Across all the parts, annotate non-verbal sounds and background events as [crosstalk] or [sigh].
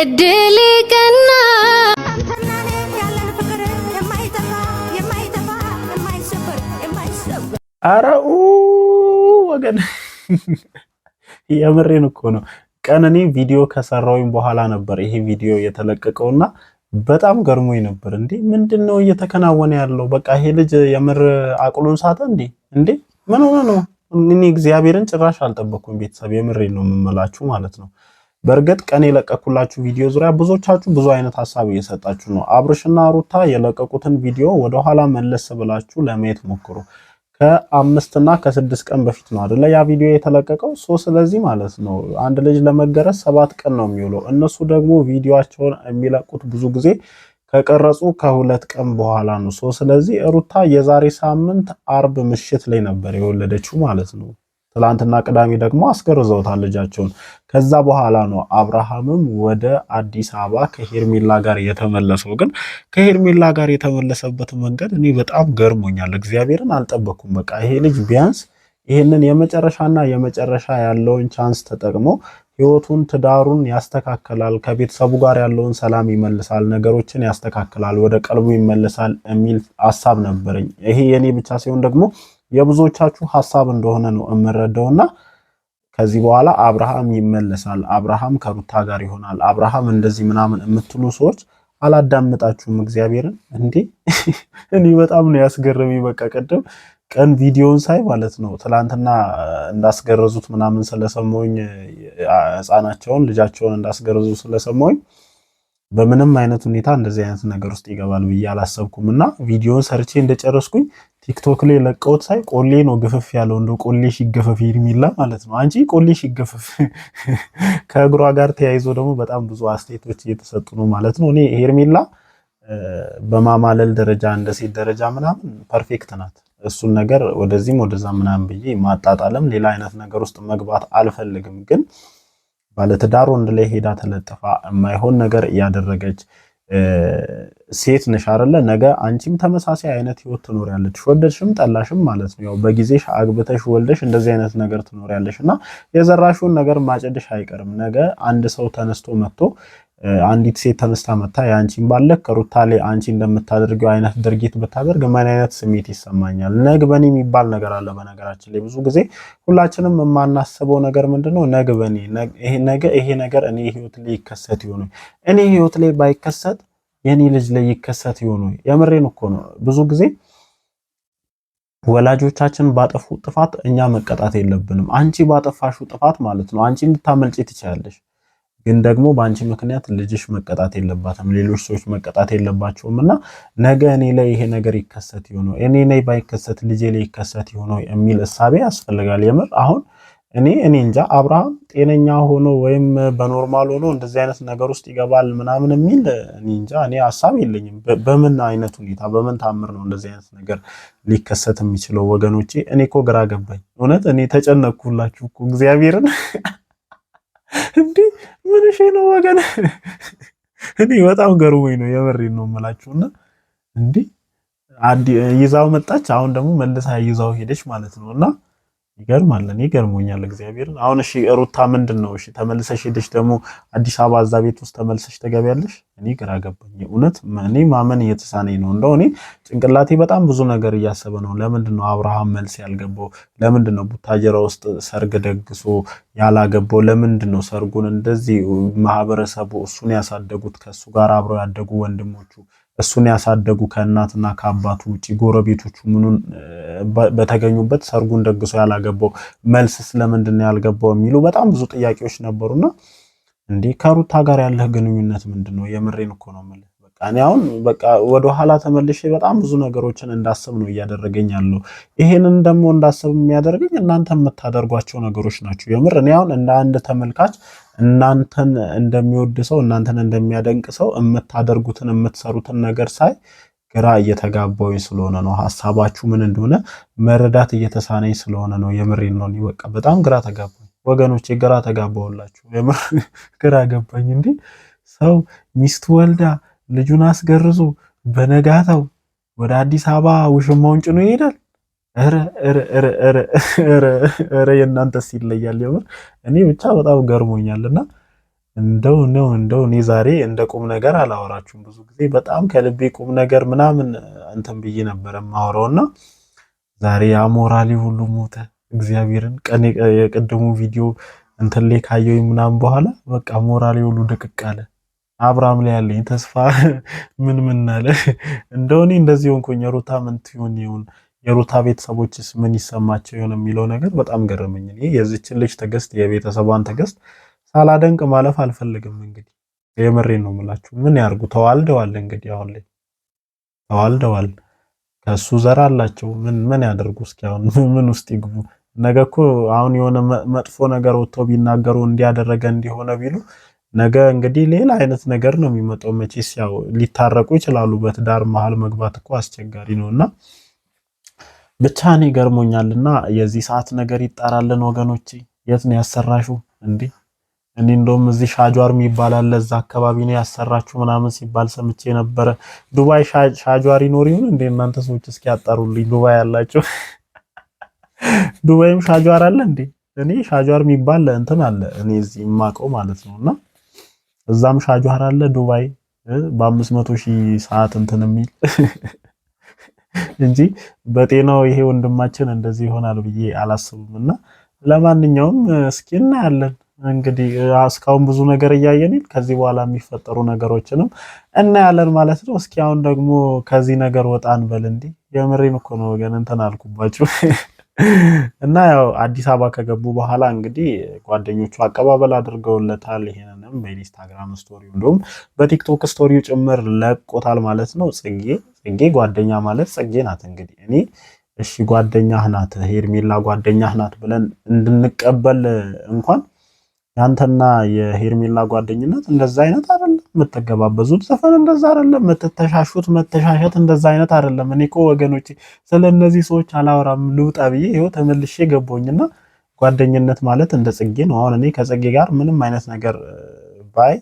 እድል ቀና አረው ወገን [laughs] የምሬን እኮ ነው። ቀን ቀነኒ ቪዲዮ ከሰራውኝ በኋላ ነበር ይሄ ቪዲዮ የተለቀቀውና በጣም ገርሞኝ ነበር። እንዴ ምንድን ነው እየተከናወነ ያለው? በቃ ይሄ ልጅ የምር አቅሉን ሳተ እንዴ! እንዴ ምን ሆነ ነው? እኔ እግዚአብሔርን ጭራሽ አልጠበኩም። ቤተሰብ የምሬን ነው የምመላችሁ ማለት ነው። በእርግጥ ቀን የለቀኩላችሁ ቪዲዮ ዙሪያ ብዙዎቻችሁ ብዙ አይነት ሀሳብ እየሰጣችሁ ነው። አብርሽና ሩታ የለቀቁትን ቪዲዮ ወደኋላ መለስ ብላችሁ ለማየት ሞክሩ። ከአምስት እና ከስድስት ቀን በፊት ነው አደለ ያ ቪዲዮ የተለቀቀው። ሶ ስለዚህ ማለት ነው አንድ ልጅ ለመገረዝ ሰባት ቀን ነው የሚውለው። እነሱ ደግሞ ቪዲዮቸውን የሚለቁት ብዙ ጊዜ ከቀረጹ ከሁለት ቀን በኋላ ነው። ሶ ስለዚህ ሩታ የዛሬ ሳምንት አርብ ምሽት ላይ ነበር የወለደችው ማለት ነው። ትላንትና ቅዳሜ ደግሞ አስገርዘውታል ልጃቸውን። ከዛ በኋላ ነው አብርሃምም ወደ አዲስ አበባ ከሄርሜላ ጋር የተመለሰው። ግን ከሄርሜላ ጋር የተመለሰበት መንገድ እኔ በጣም ገርሞኛል። እግዚአብሔርን አልጠበኩም። በቃ ይሄ ልጅ ቢያንስ ይህንን የመጨረሻና የመጨረሻ ያለውን ቻንስ ተጠቅሞ ህይወቱን ትዳሩን ያስተካከላል፣ ከቤተሰቡ ጋር ያለውን ሰላም ይመልሳል፣ ነገሮችን ያስተካክላል፣ ወደ ቀልቡ ይመልሳል የሚል ሀሳብ ነበረኝ። ይሄ የኔ ብቻ ሲሆን ደግሞ የብዙዎቻችሁ ሐሳብ እንደሆነ ነው እምረዳውና ከዚህ በኋላ አብርሃም ይመለሳል፣ አብርሃም ከሩታ ጋር ይሆናል፣ አብርሃም እንደዚህ ምናምን የምትሉ ሰዎች አላዳምጣችሁም። እግዚአብሔርን እንዴ [laughs] እኔ በጣም ነው ያስገረመኝ። በቃ ቀደም ቀን ቪዲዮን ሳይ ማለት ነው ትላንትና እንዳስገረዙት ምናምን ስለሰማሁኝ ህፃናቸውን ልጃቸውን እንዳስገረዙ ስለሰማሁኝ በምንም አይነት ሁኔታ እንደዚህ አይነት ነገር ውስጥ ይገባል ብዬ አላሰብኩም እና ቪዲዮን ሰርቼ እንደጨረስኩኝ ቲክቶክ ላይ ለቀውት ሳይ ቆሌ ነው ግፍፍ ያለው። እንደ ቆሌ ሲገፈፍ የሚላ ማለት ነው። አንቺ ቆሌ ሲገፈፍ [laughs] ከእግሯ ጋር ተያይዞ ደግሞ በጣም ብዙ አስተያየቶች እየተሰጡ ነው ማለት ነው። እኔ ሄርሜላ በማማለል ደረጃ እንደ ሴት ደረጃ ምናምን ፐርፌክት ናት። እሱን ነገር ወደዚህም ወደዛ ምናምን ብዬ ማጣጣለም ሌላ አይነት ነገር ውስጥ መግባት አልፈልግም ግን ባለትዳር ወንድ ላይ ሄዳ ተለጥፋ የማይሆን ነገር እያደረገች ሴት ነሽ አይደለ? ነገ አንቺም ተመሳሳይ አይነት ህይወት ትኖሪያለሽ፣ ወደድሽም ጠላሽም ማለት ነው። ያው በጊዜሽ አግብተሽ ወልደሽ እንደዚህ አይነት ነገር ትኖሪያለሽ እና የዘራሽውን ነገር ማጨድሽ አይቀርም። ነገ አንድ ሰው ተነስቶ መጥቶ አንዲት ሴት ተነስታ መታ የአንቺን ባለክ ሩታ ላይ አንቺ እንደምታደርገው አይነት ድርጊት ብታደርግ ምን አይነት ስሜት ይሰማኛል? ነግበኔ የሚባል ነገር አለ። በነገራችን ላይ ብዙ ጊዜ ሁላችንም የማናስበው ነገር ምንድነው? ነግበኔ ይሄ ነገ ይሄ ነገር እኔ ህይወት ላይ ይከሰት ይሆኑ እኔ ህይወት ላይ ባይከሰት የኔ ልጅ ላይ ይከሰት ይሆኑ? የምሬን እኮ ነው። ብዙ ጊዜ ወላጆቻችን ባጠፉ ጥፋት እኛ መቀጣት የለብንም። አንቺ ባጠፋሹ ጥፋት ማለት ነው አንቺ ልታመልጪ ትችላለሽ። ግን ደግሞ በአንቺ ምክንያት ልጅሽ መቀጣት የለባትም፣ ሌሎች ሰዎች መቀጣት የለባቸውም እና ነገ እኔ ላይ ይሄ ነገር ይከሰት ይሆን እኔ ላይ ባይከሰት ልጄ ላይ ይከሰት ይሆን የሚል እሳቤ ያስፈልጋል። የምር አሁን እኔ እኔ እንጃ አብርሃም ጤነኛ ሆኖ ወይም በኖርማል ሆኖ እንደዚህ አይነት ነገር ውስጥ ይገባል ምናምን የሚል እኔ እንጃ እኔ ሀሳብ የለኝም። በምን አይነት ሁኔታ በምን ታምር ነው እንደዚህ አይነት ነገር ሊከሰት የሚችለው? ወገኖቼ እኔ እኮ ግራ ገባኝ። እውነት እኔ ተጨነቅኩላችሁ እኮ እግዚአብሔርን [laughs] እንዴ ምንሽ ነው ወገን? እኔ በጣም ገርሞኝ ነው የበሬን ነው የምላችሁና እንዲህ ይዛው መጣች። አሁን ደግሞ መልሳ ይዛው ሄደች ማለት ነውና ይገርማል። እኔ ገርሞኛል። እግዚአብሔርን አሁን እሺ፣ ሩታ ምንድን ነው እሺ፣ ተመልሰሽ ሄደሽ ደግሞ አዲስ አበባ እዛ ቤት ውስጥ ተመልሰሽ ተገቢያለሽ? እኔ ግራ ገባኝ። እውነት እኔ ማመን እየተሳነኝ ነው። እንደው እኔ ጭንቅላቴ በጣም ብዙ ነገር እያሰበ ነው። ለምንድን ነው አብርሃም መልስ ያልገባው? ለምንድን ነው ቡታጀራ ውስጥ ሰርግ ደግሶ ያላገባው? ለምንድን ነው ሰርጉን እንደዚህ ማህበረሰቡ እሱን ያሳደጉት ከሱ ጋር አብረው ያደጉ ወንድሞቹ እሱን ያሳደጉ ከእናትና ከአባቱ ውጭ ጎረቤቶቹ ምኑን በተገኙበት ሰርጉን ደግሶ ያላገባው መልስ ስለምንድን ያልገባው የሚሉ በጣም ብዙ ጥያቄዎች ነበሩና እንዲህ ከሩታ ጋር ያለህ ግንኙነት ምንድን ነው? የምሬን እኮ ነው የምልህ። በቃ እኔ አሁን በቃ ወደ ኋላ ተመልሼ በጣም ብዙ ነገሮችን እንዳስብ ነው እያደረገኝ ያለው። ይሄንን ደግሞ እንዳስብ የሚያደርገኝ እናንተ የምታደርጓቸው ነገሮች ናቸው። የምር እኔ አሁን እንደ አንድ ተመልካች እናንተን እንደሚወድ ሰው እናንተን እንደሚያደንቅ ሰው የምታደርጉትን የምትሰሩትን ነገር ሳይ ግራ እየተጋባውኝ ስለሆነ ነው፣ ሀሳባችሁ ምን እንደሆነ መረዳት እየተሳነኝ ስለሆነ ነው። የምሬን ነው። በቃ በጣም ግራ ተጋባኝ ወገኖቼ፣ ግራ ተጋባውላችሁ። የምር [laughs] ግራ ገባኝ። እንዴ ሰው ሚስት ወልዳ ልጁን አስገርዞ በነጋታው ወደ አዲስ አበባ ውሽማውን ጭኖ ይሄዳል። ኧረ ኧረ ኧረ ኧረ የእናንተስ ይለያል። የምር እኔ ብቻ በጣም ገርሞኛል እና እንደው ነው እንደው እኔ ዛሬ እንደ ቁም ነገር አላወራችሁም። ብዙ ጊዜ በጣም ከልቤ ቁም ነገር ምናምን እንትን ብዬ ነበረ የማወራውና ዛሬ አሞራሌ ሁሉ ሞተ። እግዚአብሔርን ቀን የቅድሙ ቪዲዮ እንትን ላይ ካየሁኝ ምናምን በኋላ በቃ ሞራሌ ሁሉ ድቅቅ አለ። አብርሃም ላይ ያለኝ ተስፋ [laughs] ምን ምን አለ። እንደው እኔ እንደዚህ ሆንኩኝ። ሩታ ምን ትሆን ይሁን የሩታ ቤተሰቦችስ ምን ይሰማቸው ይሆን የሚለው ነገር በጣም ገረመኝ። እኔ የዚችን ልጅ ትዕግስት፣ የቤተሰቧን ትዕግስት ሳላደንቅ ማለፍ አልፈልግም። እንግዲህ የምሬን ነው የምላችሁ። ምን ያርጉ? ተዋልደዋል። እንግዲህ አሁን ላይ ተዋልደዋል። ከሱ ዘር አላቸው። ምን ምን ያደርጉ? እስኪ አሁን ምን ውስጥ ይግቡ? ነገ እኮ አሁን የሆነ መጥፎ ነገር ወጥቶ ቢናገሩ እንዲያደረገ እንዲሆነ ቢሉ ነገ እንግዲህ ሌላ አይነት ነገር ነው የሚመጣው። መቼስ ያው ሊታረቁ ይችላሉ። በትዳር መሃል መግባት እኮ አስቸጋሪ ነውና ብቻ እኔ ገርሞኛልና የዚህ ሰዓት ነገር ይጣራልን ወገኖቼ። የት ነው ያሰራሹ? እንዴ እኔ እንደውም እዚህ ሻጇር የሚባል አለ እዛ አካባቢ ነው ያሰራችሁ ምናምን ሲባል ሰምቼ ነበረ። ዱባይ ሻጇር ይኖር ይሁን እንዴ? እናንተ ሰዎች እስኪ ያጣሩልኝ። ዱባይ ያላችሁ [laughs] ዱባይም ሻጇር አለ እንዴ? እኔ ሻጇር የሚባል እንትን አለ እኔ እዚህ የማውቀው ማለት ነውና እዛም ሻጇር አለ ዱባይ በአምስት መቶ ሺህ ሰዓት እንትን የሚል [laughs] እንጂ በጤናው ይሄ ወንድማችን እንደዚህ ይሆናል ብዬ አላስብም። እና ለማንኛውም እስኪ እናያለን እንግዲህ እስካሁን ብዙ ነገር እያየን ከዚህ በኋላ የሚፈጠሩ ነገሮችንም እናያለን ማለት ነው። እስኪ አሁን ደግሞ ከዚህ ነገር ወጣን በል እንዲህ የምሬን እኮ ነው ወገን እንትን አልኩባችሁ። እና ያው አዲስ አበባ ከገቡ በኋላ እንግዲህ ጓደኞቹ አቀባበል አድርገውለታል። ይሄ በትዊተርም በኢንስታግራም ስቶሪ እንዲሁም በቲክቶክ ስቶሪ ጭምር ለቆታል ማለት ነው። ጽጌ ጽጌ ጓደኛ ማለት ጽጌ ናት። እንግዲህ እኔ እሺ ጓደኛህ ናት ሄርሜላ ጓደኛህ ናት ብለን እንድንቀበል እንኳን ያንተና የሄርሜላ ጓደኝነት እንደዛ አይነት አይደለም። የምትገባበዙት ዘፈን እንደዛ አይደለም። የምትተሻሹት መተሻሸት እንደዛ አይነት አይደለም። እኔ እኮ ወገኖቼ ስለ እነዚህ ሰዎች አላወራም ልውጣ ብዬ ይኸው ተመልሼ ገባሁኝና ጓደኝነት ማለት እንደ ጽጌ ነው። አሁን እኔ ከጽጌ ጋር ምንም አይነት ነገር ባይ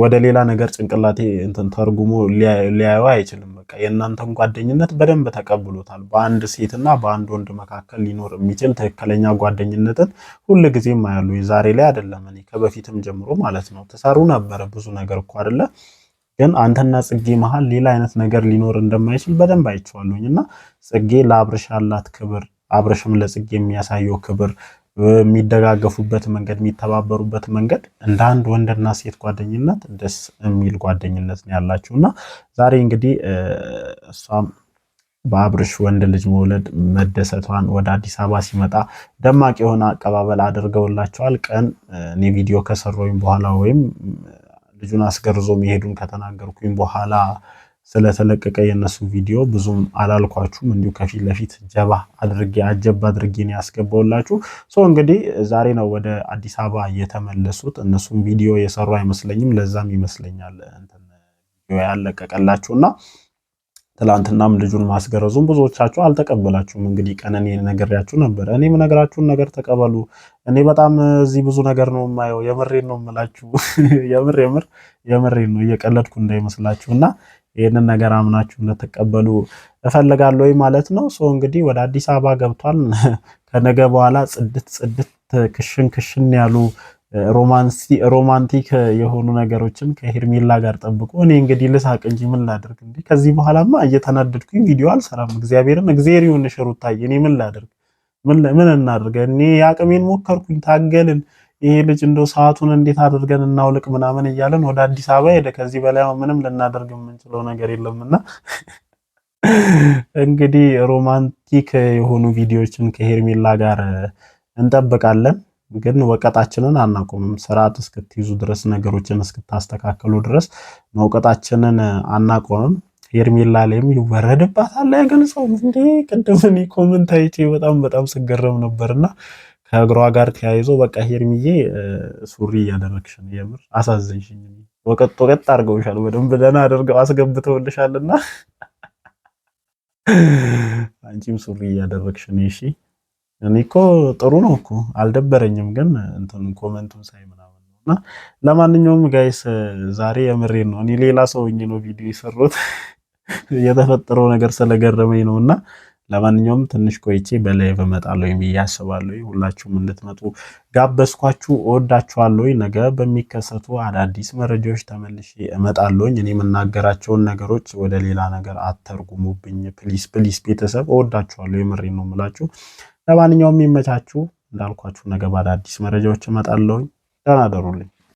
ወደ ሌላ ነገር ጭንቅላቴ እንትን ተርጉሞ ሊያየው አይችልም። በቃ የእናንተን ጓደኝነት በደንብ ተቀብሎታል። በአንድ ሴትና በአንድ ወንድ መካከል ሊኖር የሚችል ትክክለኛ ጓደኝነትን ሁል ጊዜም አያሉ የዛሬ ላይ አይደለም፣ እኔ ከበፊትም ጀምሮ ማለት ነው። ትሰሩ ነበረ ብዙ ነገር እኮ አደለ፣ ግን አንተና ጽጌ መሃል ሌላ አይነት ነገር ሊኖር እንደማይችል በደንብ አይቼዋለሁኝ። እና ጽጌ ለአብርሽ ያላት ክብር፣ አብርሽም ለጽጌ የሚያሳየው ክብር የሚደጋገፉበት መንገድ፣ የሚተባበሩበት መንገድ እንደ አንድ ወንድና ሴት ጓደኝነት ደስ የሚል ጓደኝነት ነው ያላችሁ እና ዛሬ እንግዲህ እሷም በአብርሽ ወንድ ልጅ መውለድ መደሰቷን ወደ አዲስ አበባ ሲመጣ ደማቅ የሆነ አቀባበል አድርገውላቸዋል። ቀን እኔ ቪዲዮ ከሰራሁኝ በኋላ ወይም ልጁን አስገርዞ መሄዱን ከተናገርኩኝ በኋላ ስለተለቀቀ የእነሱ ቪዲዮ ብዙም አላልኳችሁም። እንዲሁ ከፊት ለፊት ጀባ አድርጌ አጀብ አድርጌ ነው ያስገባውላችሁ። ሶ እንግዲህ ዛሬ ነው ወደ አዲስ አበባ የተመለሱት። እነሱም ቪዲዮ የሰሩ አይመስለኝም። ለዛም ይመስለኛል እንትን ቪዲዮ እና ትላንትናም ልጁን ማስገረዙም ብዙዎቻችሁ አልተቀበላችሁም። እንግዲህ እኔ ነግሬያችሁ ነበረ። እኔም ነገራችሁን ነገር ተቀበሉ። እኔ በጣም እዚህ ብዙ ነገር ነው የማየው። የምሬን ነው የምላችሁ። [laughs] የምር የምር የምሬን ነው፣ እየቀለድኩ እንዳይመስላችሁ እና ይህንን ነገር አምናችሁ እንድትቀበሉ እፈልጋለሁ ማለት ነው። ሶ እንግዲህ ወደ አዲስ አበባ ገብቷል። [laughs] ከነገ በኋላ ጽድት ጽድት ክሽን ክሽን ያሉ ሮማንቲክ የሆኑ ነገሮችን ከሄርሜላ ጋር ጠብቆ እኔ እንግዲህ ልሳቅ እንጂ ምን ላድርግ? እንዲህ ከዚህ በኋላማ እየተናደድኩኝ ቪዲዮ አልሰራም። እግዚአብሔርን እግዜር ይሁን ሽሩታዬ። እኔ ምን ላድርግ? ምን እናድርግ? እኔ የአቅሜን ሞከርኩኝ፣ ታገልን ይሄ ልጅ እንደ ሰዓቱን እንዴት አድርገን እናውልቅ ምናምን እያለን ወደ አዲስ አበባ ሄደ። ከዚህ በላይ ምንም ልናደርግ የምንችለው ነገር የለምና [laughs] እንግዲህ ሮማንቲክ የሆኑ ቪዲዮዎችን ከሄርሜላ ጋር እንጠብቃለን። ግን ወቀጣችንን አናቆምም። ስርዓት እስክትይዙ ድረስ ነገሮችን እስክታስተካከሉ ድረስ መውቀጣችንን አናቆምም። ሄርሜላ ላይም ይወረድባታል። ያገንጸው እንዴ! ቅድም እኔ ኮመንት አይቼ በጣም በጣም ስገረም ነበርና ከእግሯ ጋር ተያይዞ በቃ ሄርሚዬ ሱሪ እያደረግሽ ነው፣ የምር አሳዘንሽኝ። ወቀጥ ወቀጥ አድርገውሻል፣ በደንብ ደህና አድርገው አስገብተውልሻልና አንቺም ሱሪ እያደረግሽ ነው። እሺ እኔ እኮ ጥሩ ነው እኮ አልደበረኝም፣ ግን እንትን ኮመንቱን ሳይ ምናምን ነው። እና ለማንኛውም ጋይስ ዛሬ የምሬን ነው እኔ ሌላ ሰውኝ ነው ቪዲዮ የሰሩት የተፈጠረው ነገር ስለገረመኝ ነውና ለማንኛውም ትንሽ ቆይቼ በላይ በመጣለሁ ብዬ አስባለሁ። ሁላችሁም እንድትመጡ ጋበዝኳችሁ። እወዳችኋለሁ። ነገ በሚከሰቱ አዳዲስ መረጃዎች ተመልሼ እመጣለሁ። እኔ የምናገራቸውን ነገሮች ወደ ሌላ ነገር አተርጉሙብኝ ፕሊስ ፕሊስ። ቤተሰብ እወዳችኋለሁ። የምሬ ነው የምላችሁ። ለማንኛውም ይመቻችሁ። እንዳልኳችሁ ነገ በአዳዲስ መረጃዎች እመጣለሁ። ደህና ደሩልኝ።